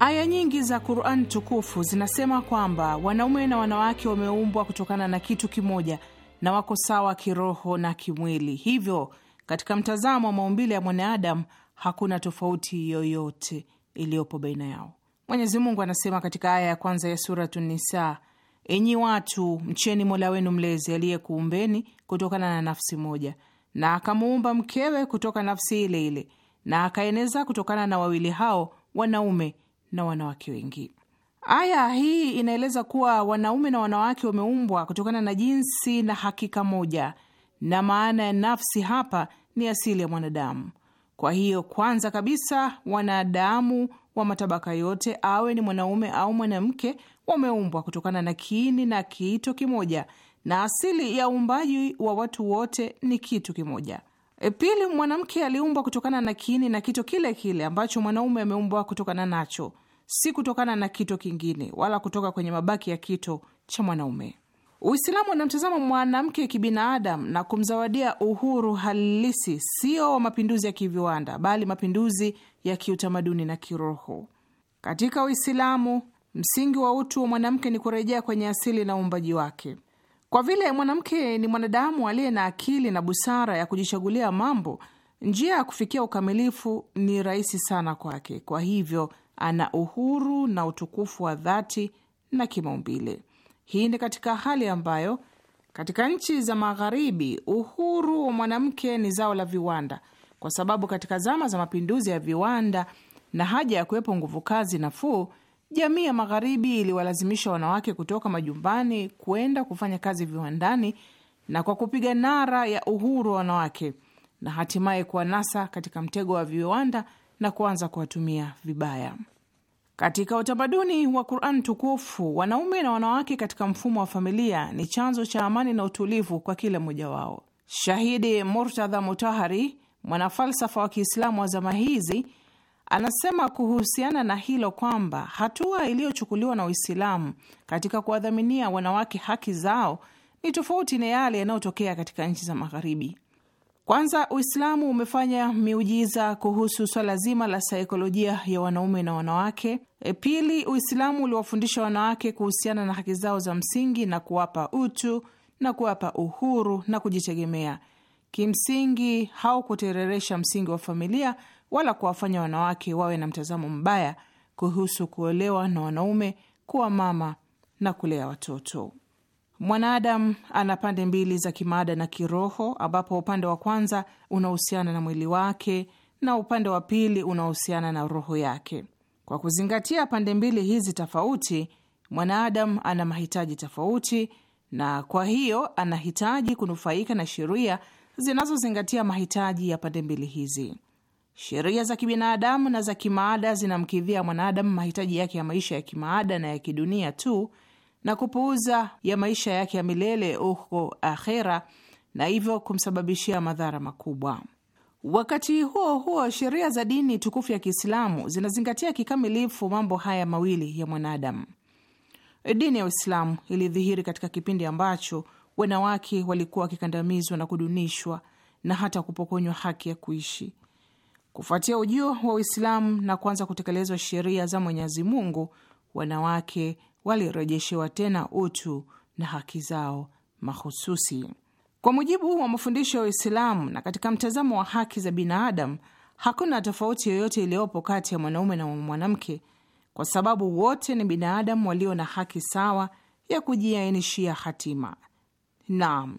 Aya nyingi za Quran tukufu zinasema kwamba wanaume na wanawake wameumbwa kutokana na kitu kimoja na wako sawa kiroho na kimwili. Hivyo katika mtazamo wa maumbile ya mwanadamu hakuna tofauti yoyote iliyopo baina yao. Mwenyezi Mungu anasema katika aya ya kwanza ya Suratu Nisa, enyi watu mcheni Mola wenu mlezi aliyekuumbeni kutokana na nafsi moja, na akamuumba mkewe kutoka nafsi ile ile, na akaeneza kutokana na wawili hao wanaume na wanawake wengi. Aya hii inaeleza kuwa wanaume na wanawake wameumbwa kutokana na jinsi na hakika moja, na maana ya nafsi hapa ni asili ya mwanadamu. Kwa hiyo, kwanza kabisa, wanadamu wa matabaka yote, awe ni mwanaume au mwanamke, wameumbwa kutokana na kiini na kiito kimoja, na asili ya uumbaji wa watu wote ni kitu kimoja. E, pili, mwanamke aliumbwa kutokana na kiini na kito kile kile ambacho mwanaume ameumbwa kutokana nacho si kutokana na kito kingine wala kutoka kwenye mabaki ya kito cha mwanaume. Uislamu unamtazama mwanamke kibinadamu na kumzawadia uhuru halisi, sio wa mapinduzi ya kiviwanda, bali mapinduzi ya kiutamaduni na kiroho. Katika Uislamu, msingi wa utu wa mwanamke ni kurejea kwenye asili na uumbaji wake. Kwa vile mwanamke ni mwanadamu aliye na akili na busara ya kujichagulia mambo, njia ya kufikia ukamilifu ni rahisi sana kwake. Kwa hivyo ana uhuru na utukufu wa dhati na kimaumbile. Hii ni katika hali ambayo katika nchi za Magharibi uhuru wa mwanamke ni zao la viwanda, kwa sababu katika zama za mapinduzi ya viwanda na haja ya kuwepo nguvu kazi nafuu, jamii ya Magharibi iliwalazimisha wanawake kutoka majumbani kwenda kufanya kazi viwandani, na kwa kupiga nara ya uhuru wa wanawake na hatimaye kuwanasa katika mtego wa viwanda na kuanza kuwatumia vibaya. Katika utamaduni wa Quran tukufu, wanaume na wanawake katika mfumo wa familia ni chanzo cha amani na utulivu kwa kila mmoja wao. Shahidi Murtadha Mutahari, mwanafalsafa wa Kiislamu wa zama hizi, anasema kuhusiana na hilo kwamba hatua iliyochukuliwa na Uislamu katika kuwadhaminia wanawake haki zao ni tofauti na yale yanayotokea katika nchi za Magharibi. Kwanza, Uislamu umefanya miujiza kuhusu swala zima la saikolojia ya wanaume na wanawake. E, pili, Uislamu uliwafundisha wanawake kuhusiana na haki zao za msingi na kuwapa utu na kuwapa uhuru na kujitegemea. Kimsingi haukutereresha msingi wa familia wala kuwafanya wanawake wawe na mtazamo mbaya kuhusu kuolewa na wanaume, kuwa mama na kulea watoto. Mwanadamu ana pande mbili za kimaada na kiroho, ambapo upande wa kwanza unahusiana na mwili wake na upande wa pili unahusiana na roho yake. Kwa kuzingatia pande mbili hizi tofauti, mwanadamu ana mahitaji tofauti, na kwa hiyo anahitaji kunufaika na sheria zinazozingatia mahitaji ya pande mbili hizi. Sheria za kibinadamu na za kimaada zinamkidhia mwanadamu mahitaji yake ya maisha ya kimaada na ya kidunia tu na kupuuza ya maisha yake ya milele huko akhera, na hivyo kumsababishia madhara makubwa. Wakati huo huo, sheria za dini tukufu ya Kiislamu zinazingatia kikamilifu mambo haya mawili ya mwanadamu. Dini ya Uislamu ilidhihiri katika kipindi ambacho wanawake walikuwa wakikandamizwa na kudunishwa na hata kupokonywa haki ya kuishi. Kufuatia ujio wa Uislamu na kuanza kutekelezwa sheria za Mwenyezi Mungu, wanawake walirejeshewa tena utu na haki zao mahususi kwa mujibu wa mafundisho ya Uislamu. Na katika mtazamo wa haki za binadamu hakuna tofauti yoyote iliyopo kati ya mwanaume na mwanamke, kwa sababu wote ni binadamu walio na haki sawa ya kujiainishia hatima. Naam,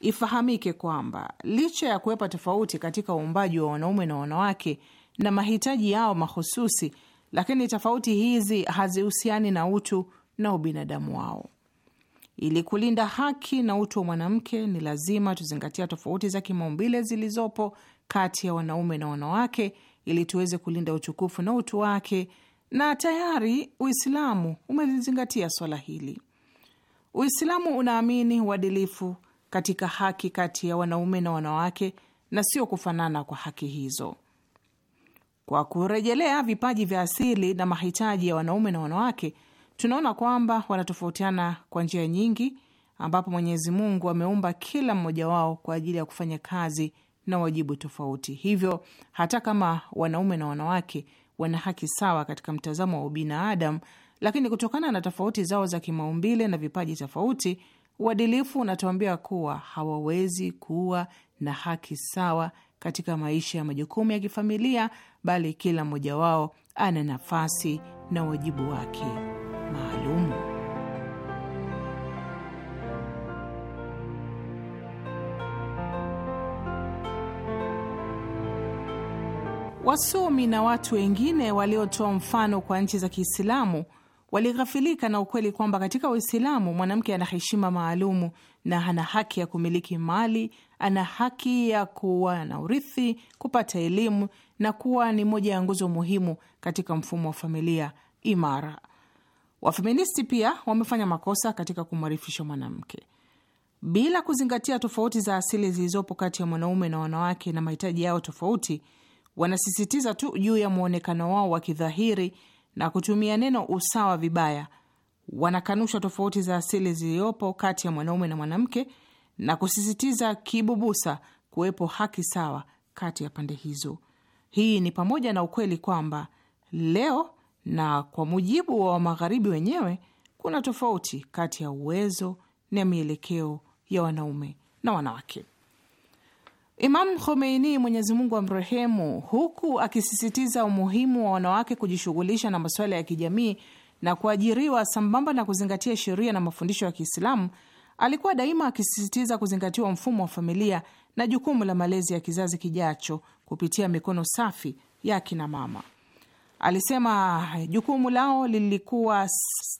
ifahamike kwamba licha ya kuwepa tofauti katika uumbaji wa wanaume na wanawake na mahitaji yao mahususi lakini tofauti hizi hazihusiani na utu na ubinadamu wao. Ili kulinda haki na utu wa mwanamke, ni lazima tuzingatia tofauti za kimaumbile zilizopo kati ya wanaume na wanawake ili tuweze kulinda utukufu na utu wake, na tayari Uislamu umelizingatia swala hili. Uislamu unaamini uadilifu katika haki kati ya wanaume na wanawake na sio kufanana kwa haki hizo. Kwa kurejelea vipaji vya asili na mahitaji ya wanaume na wanawake, tunaona kwamba wanatofautiana kwa njia nyingi, ambapo Mwenyezi Mungu ameumba kila mmoja wao kwa ajili ya kufanya kazi na wajibu tofauti. Hivyo hata kama wanaume na wanawake wana haki sawa katika mtazamo wa ubinadamu, lakini kutokana na tofauti zao za kimaumbile na vipaji tofauti, uadilifu unatuambia kuwa hawawezi kuwa na haki sawa katika maisha ya majukumu ya kifamilia, bali kila mmoja wao ana nafasi na wajibu wake maalum Wasomi na watu wengine waliotoa mfano kwa nchi za Kiislamu walighafilika na ukweli kwamba katika Uislamu mwanamke ana heshima maalumu na ana haki ya kumiliki mali, ana haki ya kuwa na urithi, kupata elimu na kuwa ni moja ya nguzo muhimu katika mfumo wa familia imara. Wafeministi pia wamefanya makosa katika kumwarifisha mwanamke bila kuzingatia tofauti za asili zilizopo kati ya mwanaume na wanawake na mahitaji yao tofauti. Wanasisitiza tu juu ya mwonekano wao wa kidhahiri na kutumia neno usawa vibaya, wanakanusha tofauti za asili ziliyopo kati ya mwanaume na mwanamke na kusisitiza kibubusa kuwepo haki sawa kati ya pande hizo. Hii ni pamoja na ukweli kwamba leo na kwa mujibu wa Wamagharibi wenyewe kuna tofauti kati ya uwezo na mielekeo ya wanaume na wanawake. Imam Khomeini, Mwenyezi Mungu amrehemu, huku akisisitiza umuhimu wa wanawake kujishughulisha na masuala ya kijamii na kuajiriwa sambamba na kuzingatia sheria na mafundisho ya Kiislamu, alikuwa daima akisisitiza kuzingatiwa mfumo wa familia na jukumu la malezi ya kizazi kijacho kupitia mikono safi ya akina mama. Alisema jukumu lao lilikuwa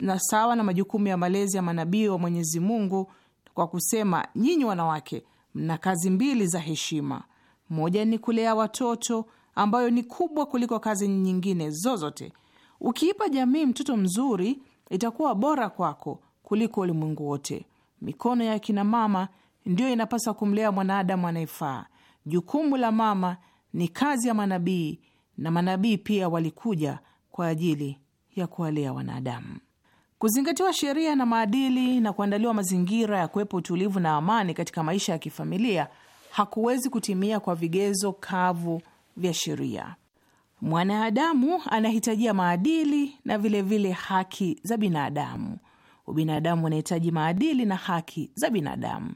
na sawa na majukumu ya malezi ya manabii wa Mwenyezi Mungu kwa kusema, nyinyi wanawake mna kazi mbili za heshima. Moja ni kulea watoto, ambayo ni kubwa kuliko kazi nyingine zozote. Ukiipa jamii mtoto mzuri, itakuwa bora kwako kuliko ulimwengu wote. Mikono ya kina mama ndiyo inapaswa kumlea mwanadamu anayefaa. Jukumu la mama ni kazi ya manabii, na manabii pia walikuja kwa ajili ya kuwalea wanadamu. Kuzingatiwa sheria na maadili na kuandaliwa mazingira ya kuwepo utulivu na amani katika maisha ya kifamilia hakuwezi kutimia kwa vigezo kavu vya sheria. Mwanadamu anahitajia maadili na vilevile vile haki za binadamu. Ubinadamu unahitaji maadili na haki za binadamu.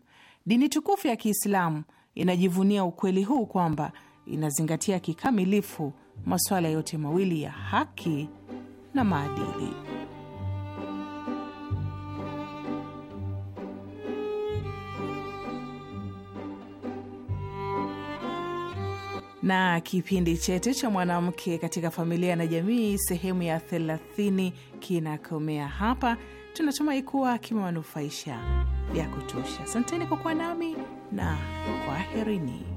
Dini tukufu ya Kiislamu inajivunia ukweli huu kwamba inazingatia kikamilifu masuala yote mawili ya haki na maadili. na kipindi chetu cha mwanamke katika familia na jamii sehemu ya 30 kinakomea hapa. Tunatumai kuwa kimewanufaisha ya kutosha. Asanteni kwa kuwa nami na kwaherini.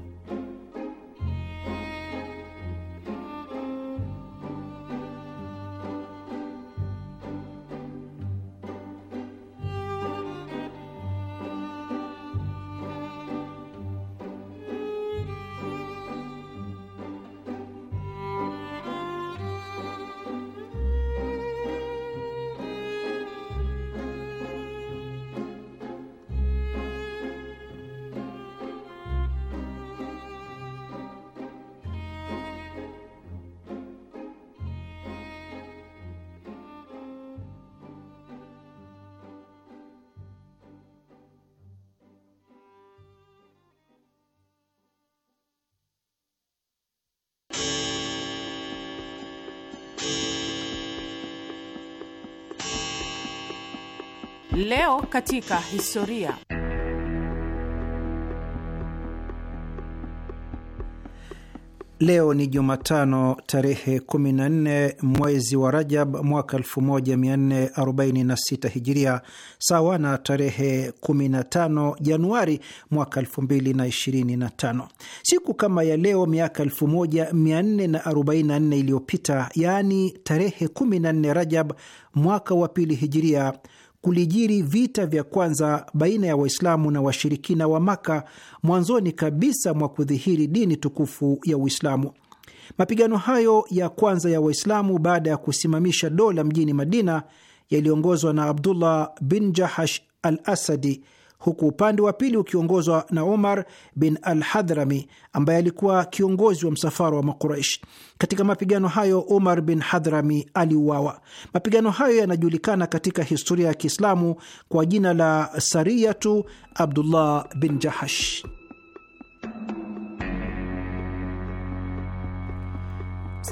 Leo katika historia. Leo ni Jumatano tarehe 14 mwezi wa Rajab mwaka 1446 Hijiria, sawa na tarehe 15 Januari mwaka 2025. Siku kama ya leo miaka 1444 iliyopita, yaani tarehe 14 Rajab mwaka wa pili Hijiria kulijiri vita vya kwanza baina ya Waislamu na washirikina wa Maka mwanzoni kabisa mwa kudhihiri dini tukufu ya Uislamu. Mapigano hayo ya kwanza ya Waislamu baada ya kusimamisha dola mjini Madina yaliongozwa na Abdullah bin Jahash al Asadi huku upande wa pili ukiongozwa na Omar bin al Hadhrami ambaye alikuwa kiongozi wa msafara wa Makuraish. Katika mapigano hayo Omar bin Hadhrami aliuawa. Mapigano hayo yanajulikana katika historia ya Kiislamu kwa jina la Sariyatu Abdullah bin Jahash.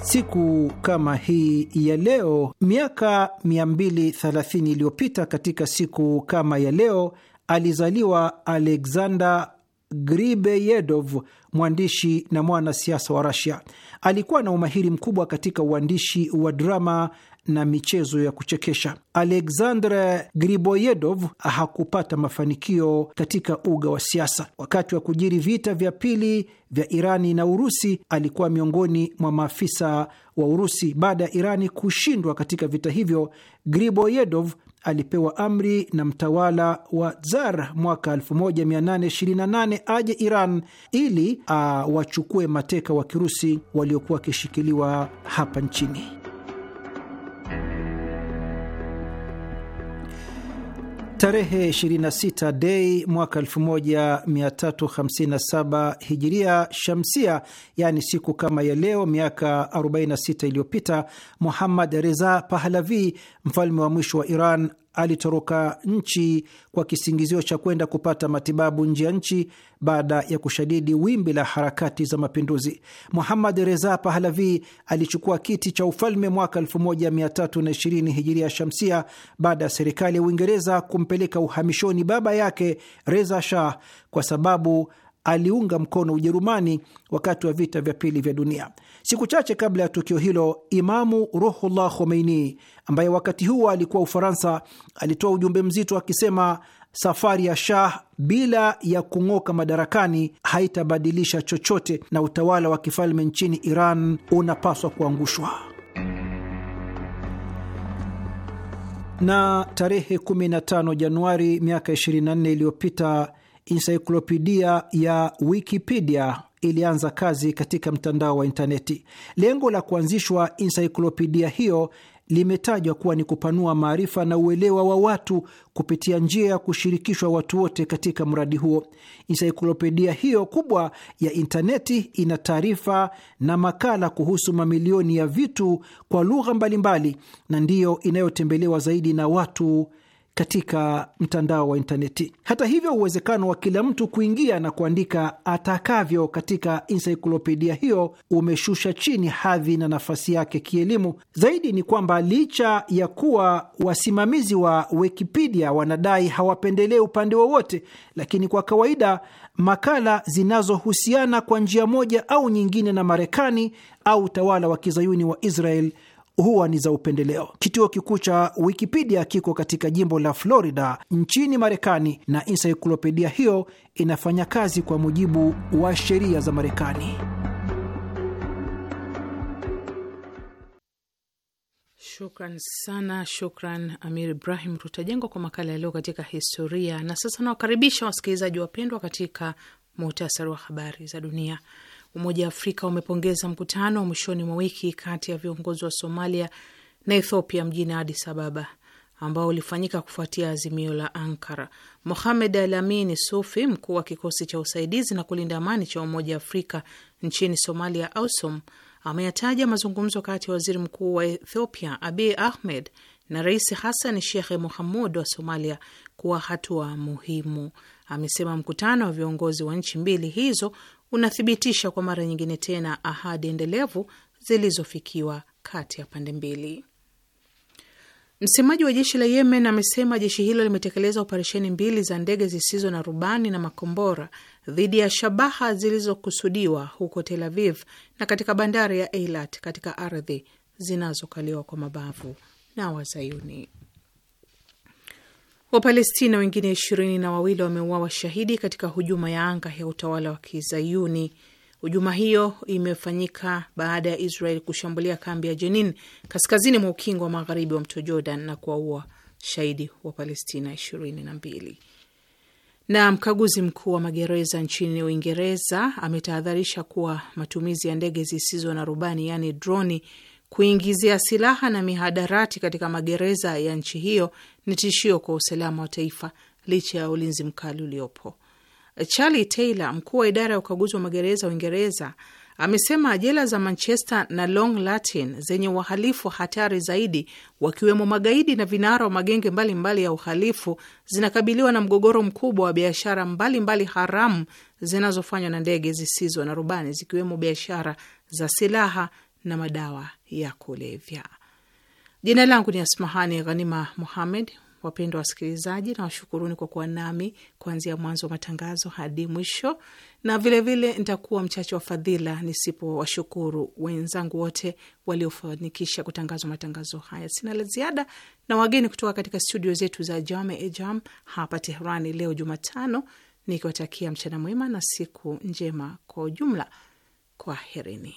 Siku kama hii ya leo miaka 230 iliyopita, katika siku kama ya leo alizaliwa Alexander Gribeyedov, mwandishi na mwanasiasa wa Rasia. Alikuwa na umahiri mkubwa katika uandishi wa drama na michezo ya kuchekesha. Alexander Griboyedov hakupata mafanikio katika uga wa siasa. Wakati wa kujiri vita vya pili vya Irani na Urusi, alikuwa miongoni mwa maafisa wa Urusi. Baada ya Irani kushindwa katika vita hivyo, Griboyedov alipewa amri na mtawala wa Tsar mwaka 1828 aje Iran ili awachukue mateka wa Kirusi waliokuwa wakishikiliwa hapa nchini. Tarehe 26 Dei mwaka 1357 hijiria shamsia, yaani siku kama ya leo miaka 46 iliyopita, Muhammad Reza Pahlavi, mfalme wa mwisho wa Iran, alitoroka nchi kwa kisingizio cha kwenda kupata matibabu nje ya nchi baada ya kushadidi wimbi la harakati za mapinduzi. Muhammad Reza Pahlavi alichukua kiti cha ufalme mwaka 1320 hijiria shamsia baada ya serikali ya Uingereza kumpeleka uhamishoni baba yake Reza Shah kwa sababu aliunga mkono Ujerumani wakati wa vita vya pili vya dunia. Siku chache kabla ya tukio hilo, Imamu Ruhullah Khomeini ambaye wakati huo alikuwa Ufaransa alitoa ujumbe mzito akisema, safari ya Shah bila ya kung'oka madarakani haitabadilisha chochote na utawala wa kifalme nchini Iran unapaswa kuangushwa. Na tarehe 15 Januari miaka 24 iliyopita ensaiklopidia ya Wikipedia ilianza kazi katika mtandao wa intaneti. Lengo la kuanzishwa ensaiklopidia hiyo limetajwa kuwa ni kupanua maarifa na uelewa wa watu kupitia njia ya kushirikishwa watu wote katika mradi huo. Ensaiklopedia hiyo kubwa ya intaneti ina taarifa na makala kuhusu mamilioni ya vitu kwa lugha mbalimbali na ndiyo inayotembelewa zaidi na watu katika mtandao wa intaneti. Hata hivyo, uwezekano wa kila mtu kuingia na kuandika atakavyo katika ensiklopedia hiyo umeshusha chini hadhi na nafasi yake kielimu. Zaidi ni kwamba licha ya kuwa wasimamizi wa Wikipedia wanadai hawapendelei upande wowote, lakini kwa kawaida makala zinazohusiana kwa njia moja au nyingine na Marekani au utawala wa kizayuni wa Israel huwa ni za upendeleo. Kituo kikuu cha Wikipedia kiko katika jimbo la Florida nchini Marekani, na ensaiklopedia hiyo inafanya kazi kwa mujibu wa sheria za Marekani. Shukran sana, shukran Amir Ibrahim Rutajengwa kwa makala ya leo katika historia. Na sasa nawakaribisha wasikilizaji wapendwa katika muhtasari wa habari za dunia. Umoja wa Afrika umepongeza mkutano wa mwishoni mwa wiki kati ya viongozi wa Somalia na Ethiopia mjini Adis Ababa ambao ulifanyika kufuatia azimio la Ankara. Mohamed Alamin Sufi, mkuu wa kikosi cha usaidizi na kulinda amani cha Umoja wa Afrika nchini Somalia, AUSOM, ameyataja mazungumzo kati ya waziri mkuu wa Ethiopia Abiy Ahmed na Rais Hassan shekhe muhamud wa Somalia kuwa hatua muhimu. Amesema mkutano wa viongozi wa nchi mbili hizo unathibitisha kwa mara nyingine tena ahadi endelevu zilizofikiwa kati ya pande mbili. Msemaji wa jeshi la Yemen amesema jeshi hilo limetekeleza operesheni mbili za ndege zisizo na rubani na makombora dhidi ya shabaha zilizokusudiwa huko Tel Aviv na katika bandari ya Eilat katika ardhi zinazokaliwa kwa mabavu na Wazayuni. Wapalestina wengine ishirini na wawili wameuawa shahidi katika hujuma ya anga ya utawala wa Kizayuni. Hujuma hiyo imefanyika baada ya Israel kushambulia kambi ya Jenin kaskazini mwa ukingo wa magharibi wa mto Jordan na kuwaua shahidi wa Palestina ishirini na mbili. Na mkaguzi mkuu wa magereza nchini Uingereza ametahadharisha kuwa matumizi ya ndege zisizo na rubani yaani droni kuingizia silaha na mihadarati katika magereza ya nchi hiyo ni tishio kwa usalama wa taifa licha ya ulinzi mkali uliopo. Charlie Taylor, mkuu wa idara ya ukaguzi wa magereza Uingereza, amesema jela za Manchester na Long Latin zenye wahalifu hatari zaidi, wakiwemo magaidi na vinara wa magenge mbalimbali mbali ya uhalifu, zinakabiliwa na mgogoro mkubwa wa biashara mbalimbali haramu zinazofanywa na ndege zisizo na rubani, zikiwemo biashara za silaha na madawa ya kulevya. Jina langu ni Asmahani Ghanima Muhammed. Wapendwa wasikilizaji, na washukuruni kwa kuwa nami kuanzia mwanzo wa matangazo hadi mwisho, na vilevile nitakuwa mchache wa fadhila nisipowashukuru wenzangu wote waliofanikisha kutangazwa matangazo haya. Sina la ziada na wageni kutoka katika studio zetu za Jame Ejam hapa Tehrani leo Jumatano, nikiwatakia mchana mwema na siku njema kwa ujumla. Kwaherini.